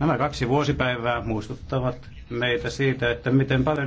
Nämä kaksi vuosipäivää muistuttavat meitä siitä, että miten paljon